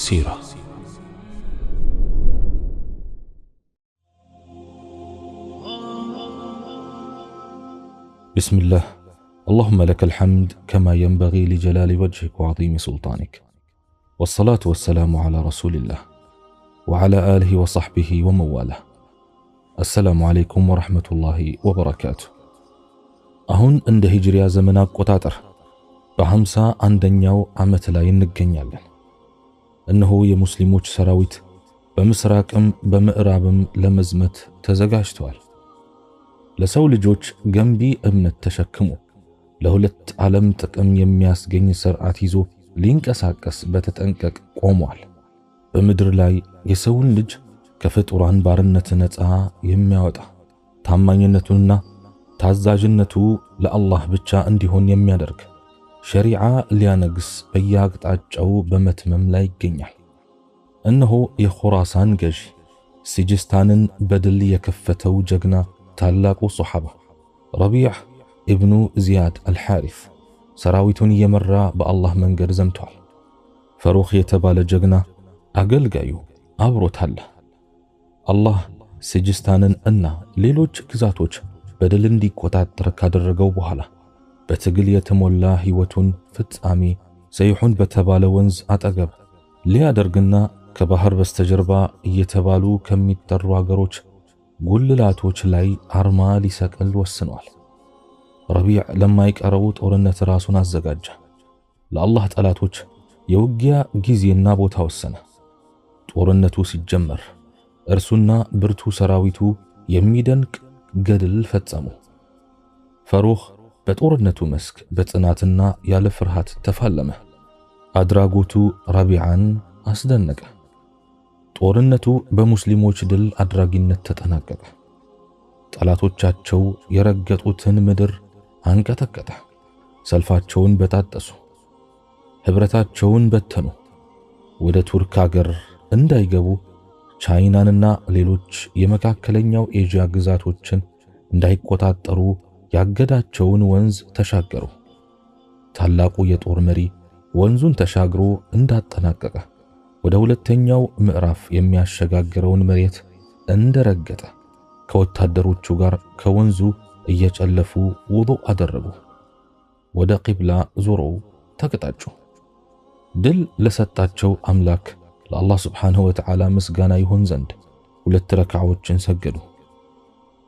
سيرة بسم الله اللهم لك الحمد كما ينبغي لجلال وجهك وعظيم سلطانك والصلاة والسلام على رسول الله وعلى آله وصحبه ومواله السلام عليكم ورحمة الله وبركاته أهون እንደ هجريا زمنا አቆጣጠር በ50 አንደኛው ዓመት ላይ እነሆ የሙስሊሞች ሰራዊት በምስራቅም በምዕራብም ለመዝመት ተዘጋጅተዋል። ለሰው ልጆች ገንቢ እምነት ተሸክሞ ለሁለት ዓለም ጥቅም የሚያስገኝ ሥርዓት ይዞ ሊንቀሳቀስ በተጠንቀቅ ቆሟል። በምድር ላይ የሰውን ልጅ ከፍጡራን ባርነት ነፃ የሚያወጣ ታማኝነቱንና ታዛዥነቱ ለአላህ ብቻ እንዲሆን የሚያደርግ ሸሪዓ ሊያነግስ በየአቅጣጫው በመትመም ላይ ይገኛል። እነሆ የኹራሳን ገዢ ሲጅስታንን በድል የከፈተው ጀግና ታላቁ ሶሓባ ረቢዕ ኢብኑ ዚያድ አልሓሪፍ ሰራዊቱን እየመራ በአላህ መንገድ ዘምቷል። ፈሩኽ የተባለ ጀግና አገልጋዩ አብሮታለ። አላህ ሲጅስታንን እና ሌሎች ግዛቶች በድል እንዲቆጣጠር ካደረገው በኋላ በትግል የተሞላ ሕይወቱን ፍጻሜ ሰይሑን በተባለ ወንዝ አጠገብ ሊያደርግና ከባህር በስተጀርባ እየተባሉ ከሚጠሩ አገሮች ጉልላቶች ላይ አርማ ሊሰቅል ወስኗል። ረቢዕ ለማይቀረው ጦርነት ራሱን አዘጋጀ። ለአላህ ጠላቶች የውጊያ ጊዜና ቦታ ወሰነ። ጦርነቱ ሲጀመር እርሱና ብርቱ ሰራዊቱ የሚደንቅ ገድል ፈጸሙ። ፈሩኽ በጦርነቱ መስክ በጽናትና ያለ ፍርሃት ተፋለመ። አድራጎቱ ረቢዓን አስደነቀ። ጦርነቱ በሙስሊሞች ድል አድራጊነት ተጠናቀቀ። ጠላቶቻቸው የረገጡትን ምድር አንቀጠቀጠ። ሰልፋቸውን በጣጠሱ፣ ኅብረታቸውን በተኑ። ወደ ቱርክ አገር እንዳይገቡ ቻይናንና ሌሎች የመካከለኛው ኤዥያ ግዛቶችን እንዳይቆጣጠሩ ያገዳቸውን ወንዝ ተሻገሩ። ታላቁ የጦር መሪ ወንዙን ተሻግሮ እንዳጠናቀቀ ወደ ሁለተኛው ምዕራፍ የሚያሸጋግረውን መሬት እንደረገጠ ከወታደሮቹ ጋር ከወንዙ እየጨለፉ ውዱእ አደረጉ። ወደ ቂብላ ዞረው ተቀጣጩ። ድል ለሰጣቸው አምላክ ለአላህ ስብሓንሁ ወተዓላ ምስጋና ይሆን ዘንድ ሁለት ረክዓዎችን ሰገዱ።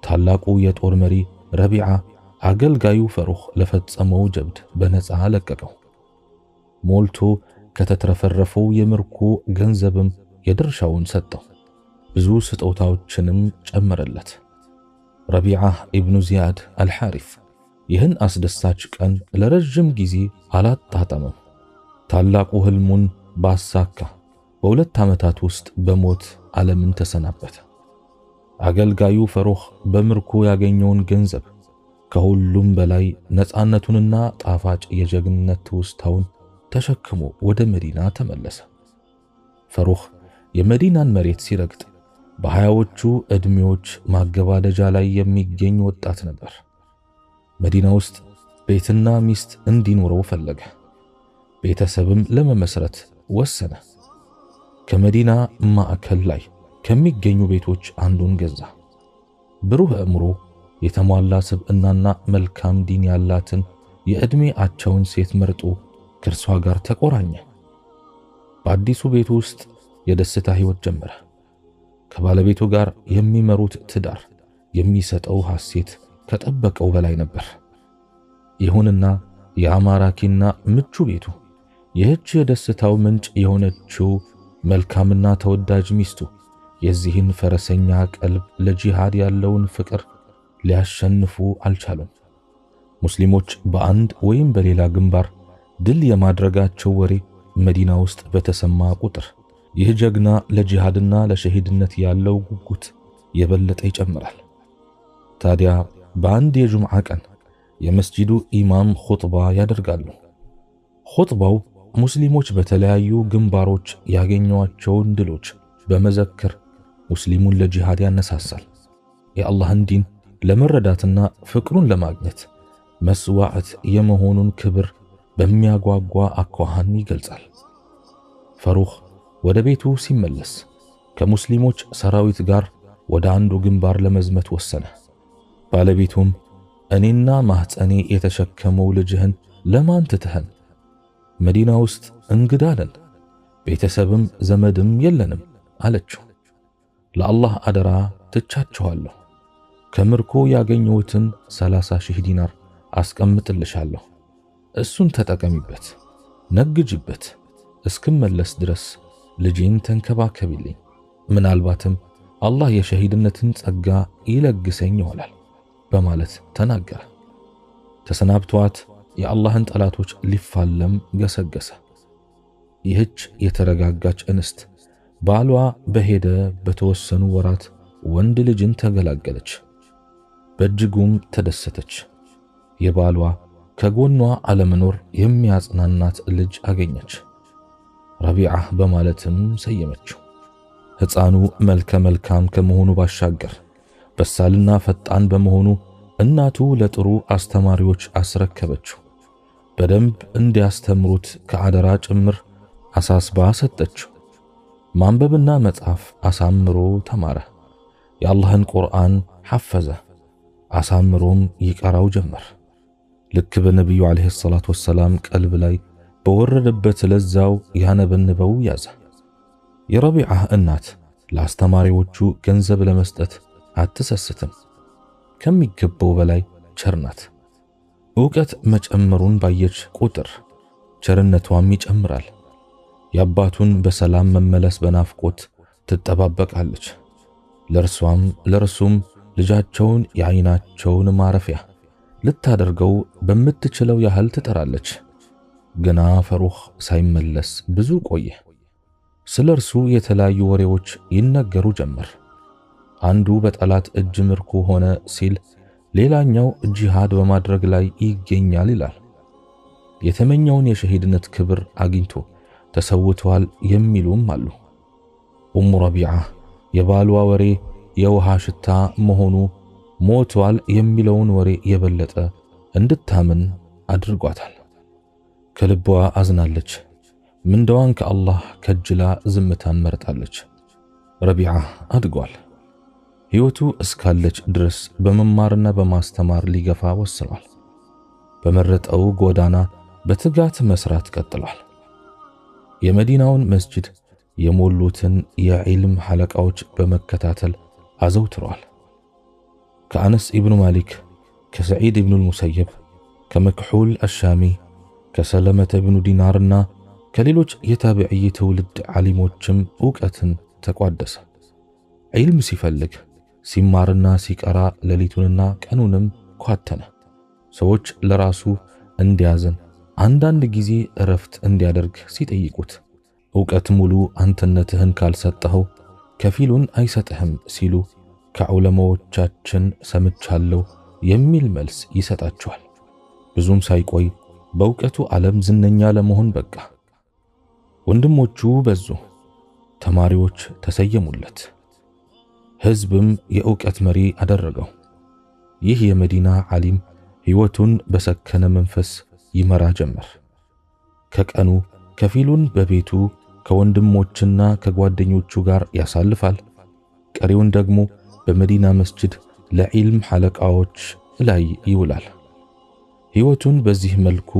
ታላቁ የጦር መሪ ረቢዓ አገልጋዩ ፈሩህ ለፈጸመው ጀብድ በነፃ ለቀቀው። ሞልቶ ከተትረፈረፈው የምርኮ ገንዘብም የድርሻውን ሰጠው። ብዙ ስጦታዎችንም ጨመረለት። ረቢዓ ኢብኑ ዚያድ አልሐሪፍ ይህን አስደሳች ቀን ለረጅም ጊዜ አላጣጠመም። ታላቁ ህልሙን ባሳካ በሁለት ዓመታት ውስጥ በሞት ዓለምን ተሰናበተ። አገልጋዩ ፈሩህ በምርኮ ያገኘውን ገንዘብ ከሁሉም በላይ ነፃነቱንና ጣፋጭ የጀግንነት ትውስታውን ተሸክሞ ወደ መዲና ተመለሰ። ፈሩኽ የመዲናን መሬት ሲረግጥ በሃያዎቹ ዕድሜዎች ማገባደጃ ላይ የሚገኝ ወጣት ነበር። መዲና ውስጥ ቤትና ሚስት እንዲኖረው ፈለገ። ቤተሰብም ለመመስረት ወሰነ። ከመዲና ማዕከል ላይ ከሚገኙ ቤቶች አንዱን ገዛ። ብሩህ አእምሮ የተሟላ ስብዕናና መልካም ዲን ያላትን የዕድሜ አቸውን ሴት መርጦ ከእርሷ ጋር ተቆራኘ። በአዲሱ ቤት ውስጥ የደስታ ሕይወት ጀመረ። ከባለቤቱ ጋር የሚመሩት ትዳር የሚሰጠው ሐሴት ከጠበቀው በላይ ነበር። ይሁንና የአማራኪና ምቹ ቤቱ ይህች የደስታው ምንጭ የሆነችው መልካምና ተወዳጅ ሚስቱ የዚህን ፈረሰኛ ቀልብ ለጂሃድ ያለውን ፍቅር ሊያሸንፉ አልቻሉም። ሙስሊሞች በአንድ ወይም በሌላ ግንባር ድል የማድረጋቸው ወሬ መዲና ውስጥ በተሰማ ቁጥር ይህ ጀግና ለጂሃድና ለሸሂድነት ያለው ጉጉት የበለጠ ይጨምራል። ታዲያ በአንድ የጁምዓ ቀን የመስጂዱ ኢማም ኹጥባ ያደርጋሉ። ኹጥባው ሙስሊሞች በተለያዩ ግንባሮች ያገኟቸውን ድሎች በመዘክር ሙስሊሙን ለጂሃድ ያነሳሳል። የአላህን ዲን ለመረዳትና ፍቅሩን ለማግኘት መስዋዕት የመሆኑን ክብር በሚያጓጓ አኳኋን ይገልጻል። ፈሩኽ ወደ ቤቱ ሲመለስ ከሙስሊሞች ሰራዊት ጋር ወደ አንዱ ግንባር ለመዝመት ወሰነ። ባለቤቱም እኔና ማህፀኔ የተሸከመው ልጅህን ለማን ትተኸን? መዲና ውስጥ እንግዳ ነን፣ ቤተሰብም ዘመድም የለንም አለችው። ለአላህ አደራ ትቻችኋለሁ ከምርኮ ያገኘሁትን 30 ሺህ ዲናር አስቀምጥልሻለሁ። እሱን ተጠቀሚበት፣ ነግጅበት። እስክመለስ ድረስ ልጄን ተንከባከቢልኝ። ምናልባትም አላህ የሸሂድነትን ጸጋ ይለግሰኝ ይሆናል በማለት ተናገረ። ተሰናብቷት የአላህን ጠላቶች ሊፋለም ገሰገሰ። ይህች የተረጋጋች እንስት ባሏ በሄደ በተወሰኑ ወራት ወንድ ልጅን ተገላገለች። በእጅጉም ተደሰተች። የባሏ ከጎኗ አለመኖር የሚያጽናናት ልጅ አገኘች። ረቢዓ በማለትም ሰየመችው። ሕፃኑ መልከ መልካም ከመሆኑ ባሻገር በሳልና ፈጣን በመሆኑ እናቱ ለጥሩ አስተማሪዎች አስረከበችው። በደንብ እንዲያስተምሩት ከአደራ ጭምር አሳስባ ሰጠችው። ማንበብና መጻፍ አሳምሮ ተማረ። የአላህን ቁርአን ሐፈዘ። አሳምሮም ይቀራው ጀመር። ልክ በነቢዩ ዓለይሂ ሰላቱ ወሰላም ቀልብ ላይ በወረደበት ለዛው ያነበንበው ያዘ። የረቢዓ እናት ለአስተማሪዎቹ ገንዘብ ለመስጠት አትሰስትም። ከሚገባው በላይ ቸር ናት። ዕውቀት መጨመሩን ባየች ቁጥር ቸርነቷም ይጨምራል። የአባቱን በሰላም መመለስ በናፍቆት ትጠባበቃለች። ለእርሷም ለእርሱም ልጃቸውን የዓይናቸውን ማረፊያ ልታደርገው በምትችለው ያህል ትጠራለች። ግና ፈሩህ ሳይመለስ ብዙ ቆየ። ስለ እርሱ የተለያዩ ወሬዎች ይነገሩ ጀመር። አንዱ በጠላት እጅ ምርኩ ሆነ ሲል፣ ሌላኛው ጂሃድ በማድረግ ላይ ይገኛል ይላል። የተመኘውን የሸሂድነት ክብር አግኝቶ ተሰውቷል የሚሉም አሉ። ኡሙ ረቢዓ የባሏ ወሬ የውሃ ሽታ መሆኑ ሞቷል የሚለውን ወሬ የበለጠ እንድታምን አድርጓታል። ከልቧ አዝናለች። ምንደዋን ከአላህ ከጅላ ዝምታን መርጣለች። ረቢዓ አድጓል። ሕይወቱ እስካለች ድረስ በመማርና በማስተማር ሊገፋ ወስኗል። በመረጠው ጎዳና በትጋት መስራት ቀጥሏል። የመዲናውን መስጂድ የሞሉትን የዒልም ሐለቃዎች በመከታተል አዘውትረዋል። ከአነስ ኢብኑ ማሊክ፣ ከሰዒድ ኢብኑ ልሙሰየብ፣ ከመክሑል አሻሚ፣ ከሰለመተ ኢብኑ ዲናርና ከሌሎች የታቢዕይ ትውልድ ዓሊሞችም እውቀትን ተቋደሰ። ዒልም ሲፈልግ ሲማርና ሲቀራ ሌሊቱንና ቀኑንም ኳተነ። ሰዎች ለራሱ እንዲያዝን አንዳንድ ጊዜ እረፍት እንዲያደርግ ሲጠይቁት እውቀት ሙሉ አንተነትህን ካልሰጠኸው ከፊሉን አይሰጥህም ሲሉ ከዑለማዎቻችን ሰምቻለሁ የሚል መልስ ይሰጣቸዋል። ብዙም ሳይቆይ በእውቀቱ ዓለም ዝነኛ ለመሆን በቃ። ወንድሞቹ በዙ፣ ተማሪዎች ተሰየሙለት፣ ሕዝብም የእውቀት መሪ አደረገው። ይህ የመዲና ዓሊም ሕይወቱን በሰከነ መንፈስ ይመራ ጀመር። ከቀኑ ከፊሉን በቤቱ ከወንድሞችና ከጓደኞቹ ጋር ያሳልፋል። ቀሪውን ደግሞ በመዲና መስጅድ ለዒልም ሐለቃዎች ላይ ይውላል። ሕይወቱን በዚህ መልኩ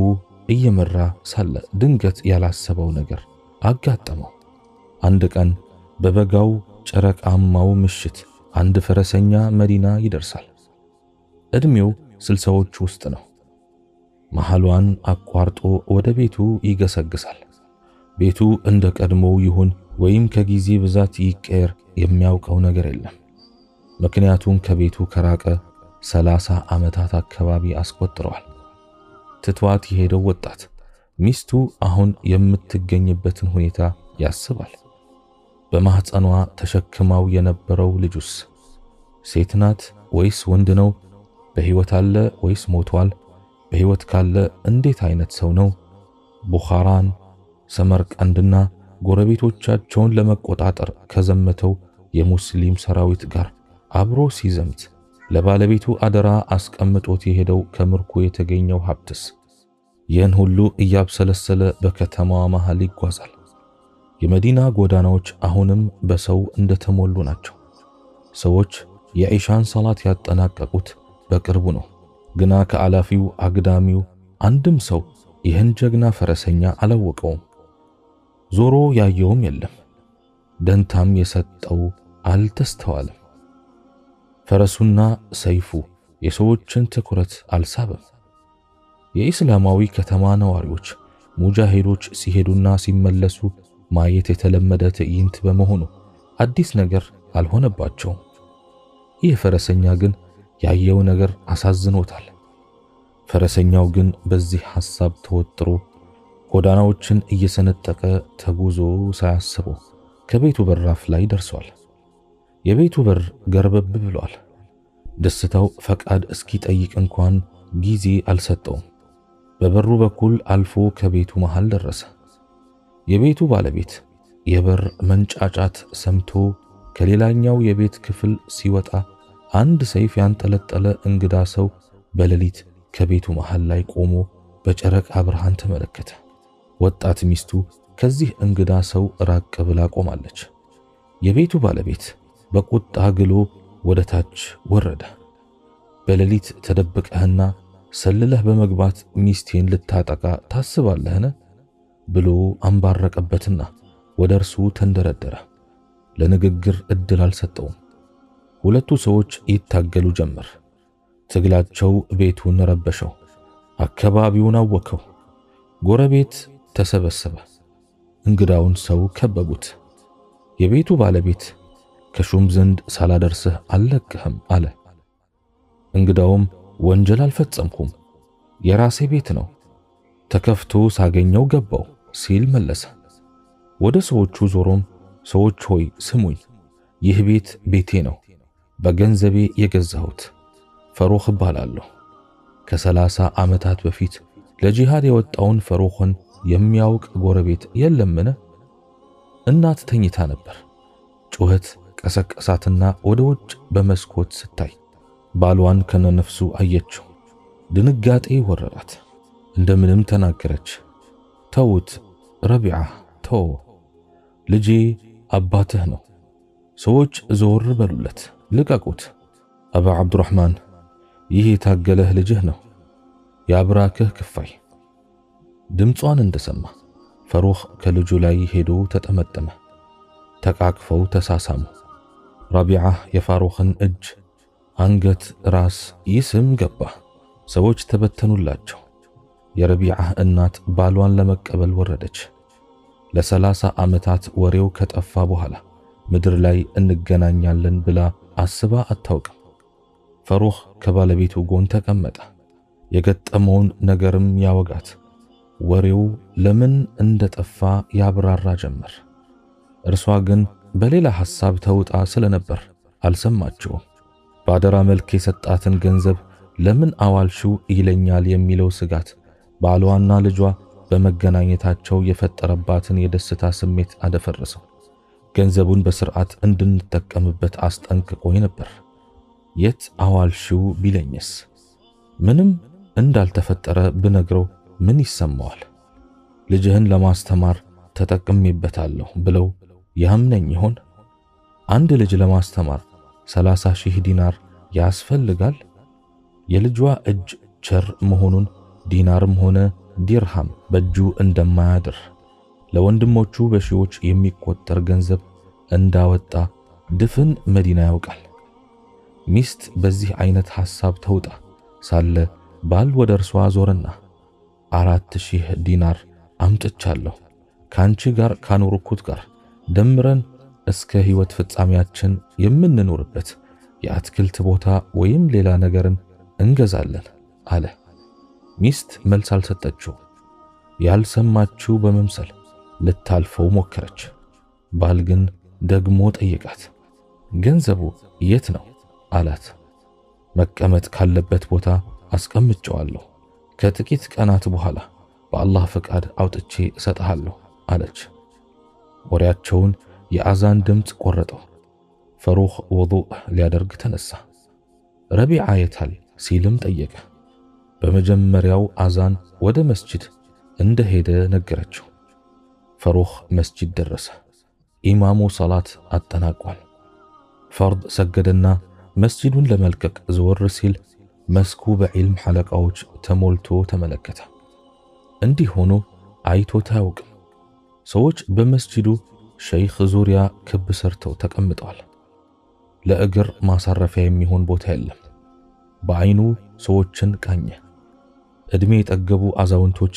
እየመራ ሳለ ድንገት ያላሰበው ነገር አጋጠመው። አንድ ቀን በበጋው ጨረቃማው ምሽት አንድ ፈረሰኛ መዲና ይደርሳል። ዕድሜው ስልሳዎች ውስጥ ነው። መሐሏን አቋርጦ ወደ ቤቱ ይገሰግሳል። ቤቱ እንደ ቀድሞው ይሁን ወይም ከጊዜ ብዛት ይቀየር የሚያውቀው ነገር የለም። ምክንያቱም ከቤቱ ከራቀ ሰላሳ ዓመታት አካባቢ አስቆጥረዋል። ትቷት የሄደው ወጣት ሚስቱ አሁን የምትገኝበትን ሁኔታ ያስባል። በማህፀኗ ተሸክማው የነበረው ልጁስ ሴት ናት ወይስ ወንድ ነው? በህይወት አለ ወይስ ሞቷል? በህይወት ካለ እንዴት አይነት ሰው ነው? ቡኻራን ሰመርቀንድና ጎረቤቶቻቸውን ለመቆጣጠር ከዘመተው የሙስሊም ሰራዊት ጋር አብሮ ሲዘምት ለባለቤቱ አደራ አስቀምጦት የሄደው ከምርኮ የተገኘው ሀብትስ ይህን ሁሉ እያብሰለሰለ በከተማዋ መሃል ይጓዛል። የመዲና ጎዳናዎች አሁንም በሰው እንደተሞሉ ናቸው። ሰዎች የኢሻን ሰላት ያጠናቀቁት በቅርቡ ነው። ግና ከአላፊው አግዳሚው አንድም ሰው ይህን ጀግና ፈረሰኛ አላወቀውም። ዞሮ ያየውም የለም፣ ደንታም የሰጠው አልተስተዋለም። ፈረሱና ሰይፉ የሰዎችን ትኩረት አልሳበም። የኢስላማዊ ከተማ ነዋሪዎች ሙጃሂዶች ሲሄዱና ሲመለሱ ማየት የተለመደ ትዕይንት በመሆኑ አዲስ ነገር አልሆነባቸውም። ይህ ፈረሰኛ ግን ያየው ነገር አሳዝኖታል። ፈረሰኛው ግን በዚህ ሐሳብ ተወጥሮ ጎዳናዎችን እየሰነጠቀ ተጉዞ ሳያስቡ ከቤቱ በራፍ ላይ ደርሷል። የቤቱ በር ገርበብ ብሏል። ደስታው ፈቃድ እስኪጠይቅ እንኳን ጊዜ አልሰጠውም። በበሩ በኩል አልፎ ከቤቱ መሃል ደረሰ። የቤቱ ባለቤት የበር መንጫጫት ሰምቶ ከሌላኛው የቤት ክፍል ሲወጣ አንድ ሰይፍ ያንጠለጠለ እንግዳ ሰው በሌሊት ከቤቱ መሃል ላይ ቆሞ በጨረቃ ብርሃን ተመለከተ። ወጣት ሚስቱ ከዚህ እንግዳ ሰው ራቅ ብላ ቆማለች። የቤቱ ባለቤት በቁጣ ግሎ ወደ ታች ወረደ። በሌሊት ተደብቀህና ሰልለህ በመግባት ሚስቴን ልታጠቃ ታስባለህን? ብሎ አንባረቀበትና ወደ እርሱ ተንደረደረ። ለንግግር እድል አልሰጠውም። ሁለቱ ሰዎች ይታገሉ ጀመር። ትግላቸው ቤቱን ረበሸው፣ አካባቢውን አወከው። ጎረቤት ተሰበሰበ። እንግዳውን ሰው ከበቡት። የቤቱ ባለቤት ከሹም ዘንድ ሳላደርስህ አልለቅህም አለ። እንግዳውም ወንጀል አልፈጸምኩም፣ የራሴ ቤት ነው፣ ተከፍቶ ሳገኘው ገባው ሲል መለሰ። ወደ ሰዎቹ ዞሮም ሰዎች ሆይ ስሙኝ፣ ይህ ቤት ቤቴ ነው፣ በገንዘቤ የገዛሁት ፈሮህ እባላለሁ። ከሰላሳ ዓመታት በፊት ለጂሃድ የወጣውን ፈሮኽን የሚያውቅ ጎረቤት የለምን? እናት ተኝታ ነበር። ጩኸት ቀሰቀሳትና ወደ ውጭ በመስኮት ስታይ ባሏን ከነነፍሱ አየችው። ድንጋጤ ወረራት። እንደምንም ተናገረች። ተውት ረቢዓ፣ ተው ልጄ፣ አባትህ ነው። ሰዎች ዞር በሉለት፣ ልቀቁት። አባ አብዱራህማን ይህ የታገለህ ልጅህ ነው፣ የአብራክህ ክፋይ ድምጿን እንደሰማ ፈሩኽ ከልጁ ላይ ሄዶ ተጠመጠመ። ተቃቅፈው ተሳሳሙ። ራቢዓ የፋሩኽን እጅ፣ አንገት፣ ራስ ይስም ገባ። ሰዎች ተበተኑላቸው። የረቢዓ እናት ባሏን ለመቀበል ወረደች። ለሰላሳ ዓመታት ወሬው ከጠፋ በኋላ ምድር ላይ እንገናኛለን ብላ አስባ አታውቅም። ፈሩኽ ከባለቤቱ ጎን ተቀመጠ። የገጠመውን ነገርም ያወጋት ወሬው ለምን እንደጠፋ ያብራራ ጀመር። እርሷ ግን በሌላ ሐሳብ ተውጣ ስለነበር አልሰማችውም። በአደራ መልክ የሰጣትን ገንዘብ ለምን አዋልሹ ይለኛል የሚለው ስጋት ባሏና ልጇ በመገናኘታቸው የፈጠረባትን የደስታ ስሜት አደፈረሰው። ገንዘቡን በስርዓት እንድንጠቀምበት አስጠንቅቆኝ ነበር። የት አዋልሽው ቢለኝስ? ምንም እንዳልተፈጠረ ብነግረው ምን ይሰማዋል? ልጅህን ለማስተማር ተጠቅሜበታለሁ ብለው ያምነኝ ይሆን? አንድ ልጅ ለማስተማር ሰላሳ ሺህ ዲናር ያስፈልጋል? የልጇ እጅ ቸር መሆኑን ዲናርም ሆነ ዲርሃም በእጁ እንደማያድር ለወንድሞቹ በሺዎች የሚቆጠር ገንዘብ እንዳወጣ ድፍን መዲና ያውቃል። ሚስት በዚህ አይነት ሐሳብ ተውጣ ሳለ ባል ወደ እርሷ ዞረና አራት ሺህ ዲናር አምጥቻለሁ ከአንቺ ጋር ካኖርኩት ጋር ደምረን እስከ ህይወት ፍጻሜያችን የምንኖርበት የአትክልት ቦታ ወይም ሌላ ነገርን እንገዛለን አለ። ሚስት መልስ አልሰጠችው። ያልሰማችው በመምሰል ልታልፈው ሞከረች። ባል ግን ደግሞ ጠየቃት። ገንዘቡ የት ነው አላት። መቀመጥ ካለበት ቦታ አስቀምጨዋለሁ ከጥቂት ቀናት በኋላ በአላህ ፈቃድ አውጥቼ እሰጥሃለሁ አለች። ወሬያቸውን የአዛን ድምፅ ቆረጠው። ፈሩኽ ውዱእ ሊያደርግ ተነሳ። ረቢዓ የታል ሲልም ጠየቀ። በመጀመሪያው አዛን ወደ መስጂድ እንደሄደ ነገረችው። ፈሩኽ መስጂድ ደረሰ። ኢማሙ ሰላት አጠናቋል። ፈርድ ሰገደና መስጂዱን ለመልቀቅ ዘወር ሲል መስኩ በዒልም ሐለቃዎች ተሞልቶ ተመለከተ። እንዲህ ሆኖ አይቶት አያውቅም። ሰዎች በመስጂዱ ሸይኽ ዙሪያ ክብ ሰርተው ተቀምጠዋል። ለእግር ማሳረፊያ የሚሆን ቦታ የለም። በዐይኑ ሰዎችን ቃኘ። ዕድሜ የጠገቡ አዛውንቶች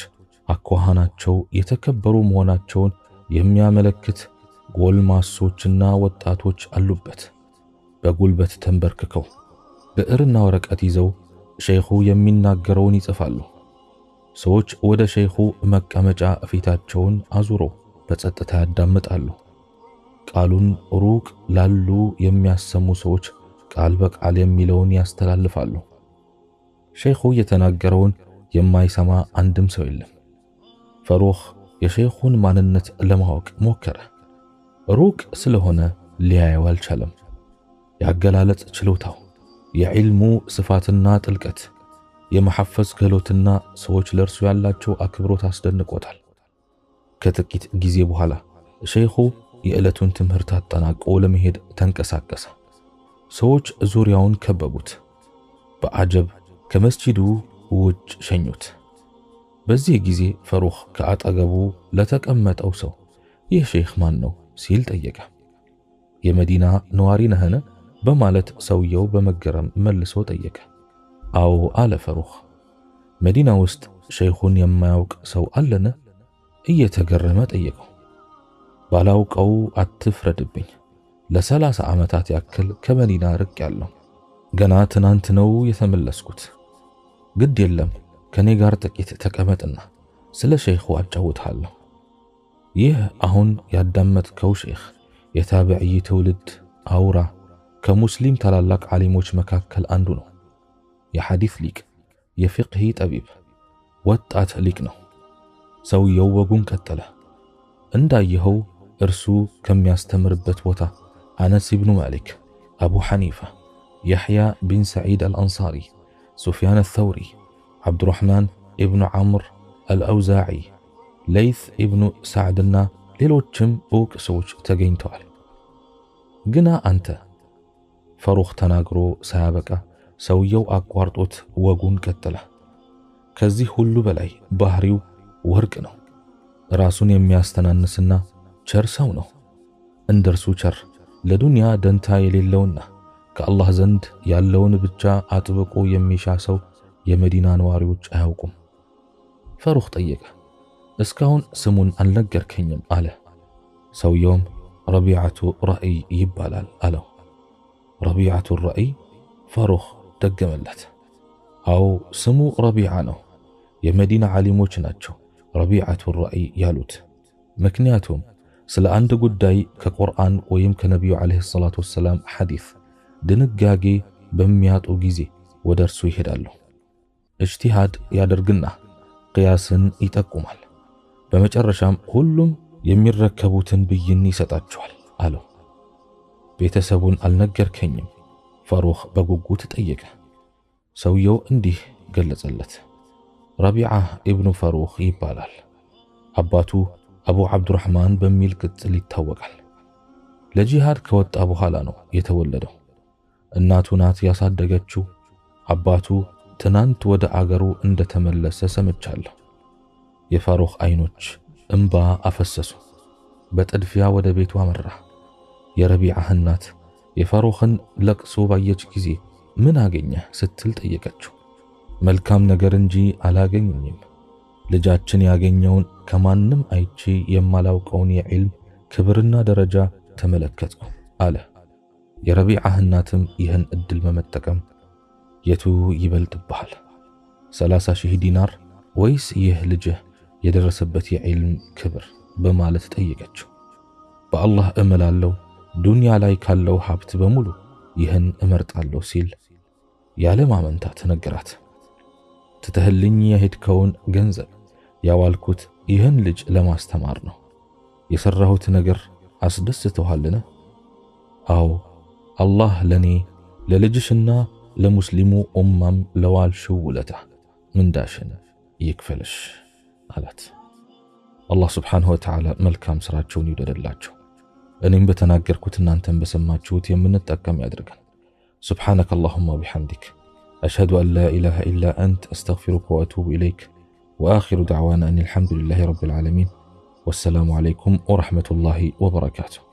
አኳኋናቸው የተከበሩ መሆናቸውን የሚያመለክት ጎልማሶችና ወጣቶች አሉበት። በጉልበት ተንበርክከው ብዕርና ወረቀት ይዘው ሼኹ የሚናገረውን ይጽፋሉ። ሰዎች ወደ ሼኹ መቀመጫ ፊታቸውን አዙረው በጸጥታ ያዳምጣሉ። ቃሉን ሩቅ ላሉ የሚያሰሙ ሰዎች ቃል በቃል የሚለውን ያስተላልፋሉ። ሼኹ የተናገረውን የማይሰማ አንድም ሰው የለም። ፈሩኽ የሼኹን ማንነት ለማወቅ ሞከረ። ሩቅ ስለሆነ ሊያየው አልቻለም። ያገላለጽ ችሎታው የዕልሙ ስፋትና ጥልቀት፣ የመሐፈዝ ክህሎትና ሰዎች ለእርሱ ያላቸው አክብሮት አስደንቆታል። ከጥቂት ጊዜ በኋላ ሸይኹ የዕለቱን ትምህርት አጠናቆ ለመሄድ ተንቀሳቀሰ። ሰዎች ዙሪያውን ከበቡት፣ በአጀብ ከመስጂዱ ውጭ ሸኙት። በዚህ ጊዜ ፈሩኽ ከአጠገቡ ለተቀመጠው ሰው ይህ ሼኽ ማን ነው ሲል ጠየቀ። የመዲና ነዋሪ ነህን? በማለት ሰውየው በመገረም መልሶ ጠየቀ። አዎ አለ ፈሩኽ። መዲና ውስጥ ሸይኹን የማያውቅ ሰው አለን እየተገረመ ጠየቀው። ባላውቀው አትፍረድብኝ። ለሰላሳ ዓመታት ያክል ከመዲና ርቅ ያለው ገና ትናንት ነው የተመለስኩት። ግድ የለም ከኔ ጋር ጥቂት ተቀመጥና ስለ ሸይኹ አጫውትሃለሁ። ይህ አሁን ያዳመጥከው ሼኽ የታቢዕይ ትውልድ አውራ ከሙስሊም ታላላቅ ዓሊሞች መካከል አንዱ ነው። የሐዲስ ሊቅ፣ የፍቅህ ጠቢብ፣ ወጣት ሊቅ ነው። ሰውየው ወጉን ቀጠለ። እንዳየኸው እርሱ ከሚያስተምርበት ቦታ አነስ ኢብኑ ማሊክ፣ አቡ ሐኒፋ፣ የሕያ ቢን ሰዒድ አልአንሳሪ፣ ሱፊያን አልተውሪ፣ ዓብዱራሕማን ኢብኑ ዓምር አልአውዛዒ፣ ለይት ኢብኑ ሳዕድና ሌሎችም እውቅ ሰዎች ተገኝተዋል። ግና አንተ ፈሩኽ ተናግሮ ሳያበቃ ሰውየው አቋርጦት ወጉን ቀጠለ። ከዚህ ሁሉ በላይ ባህሪው ወርቅ ነው። ራሱን የሚያስተናንስና ቸር ሰው ነው። እንደርሱ ቸር ለዱንያ ደንታ የሌለውና ከአላህ ዘንድ ያለውን ብቻ አጥብቆ የሚሻ ሰው የመዲና ነዋሪዎች አያውቁም። ፈሩኽ ጠየቀ። እስካሁን ስሙን አልነገርከኝም አለ። ሰውየውም ረቢዓቱ ራእይ ይባላል አለው። ربيعة الرأي فاروخ تجملت أو سمو ربيعانو يا مدينة علي موشناتشو ربيعة الرأي يالوت مكنياتهم سلا أنت قد داي كقرآن ويمكن نبي عليه الصلاة والسلام حديث دنقاقي بميات وجيزي ودرسو يهدالو اجتهاد يادر قلنا قياس يتقمال بمجرشام كلهم يمير ركبوتن بيني ستاتشوال ألو ቤተሰቡን አልነገርከኝም? ፈሩኽ በጉጉት ጠየቀ። ሰውየው እንዲህ ገለጸለት፣ ረቢዓ ኢብኑ ፈሩኽ ይባላል። አባቱ አቡ ዓብዱራሕማን በሚል ቅጽል ይታወቃል። ለጂሃድ ከወጣ በኋላ ነው የተወለደው። እናቱ ናት ያሳደገችው። አባቱ ትናንት ወደ አገሩ እንደተመለሰ ሰምቻለሁ። የፈሩኽ አይኖች እምባ አፈሰሱ። በጥድፊያ ወደ ቤቱ አመራ። የረቢዓህ እናት የፈሩኽን ለቅሶ ባየች ጊዜ ምን አገኘህ ስትል ጠየቀችው። መልካም ነገር እንጂ አላገኘኝም። ልጃችን ያገኘውን ከማንም አይቼ የማላውቀውን የዕልም ክብርና ደረጃ ተመለከትኩ አለ። የረቢዓህ እናትም ይህን እድል በመጠቀም የቱ ይበልጥብሃል? ሰላሳ ሺህ ዲናር ወይስ ይህ ልጅህ የደረሰበት የዕልም ክብር በማለት ጠየቀችው። በአላህ እምላለሁ ዱንያ ላይ ካለው ሀብት በሙሉ ይህን እመርጣለሁ ሲል ያለ ማመንታት ነገራት። ትተህልኝ የሄድከውን ገንዘብ ያዋልኩት ይህን ልጅ ለማስተማር ነው። የሰራሁት ነገር አስደስተዋልን? አዎ፣ አላህ ለኔ ለልጅሽና ለሙስሊሙ ኡማም ለዋልሽው ውለታ ምንዳሽን ይክፈልሽ አላት። አላህ ስብሓንሁ ወተዓላ መልካም ስራቸውን ይውደደላቸው። እኔም በተናገርኩት እናንተም በሰማችሁት የምንጠቀም ያድርገን። سبحانك اللهم وبحمدك أشهد أن لا إله إلا أنت أستغفرك وأتوب إليك وآخر دعوانا أن الحمد لله رب العالمين والسلام عليكم ورحمة الله وبركاته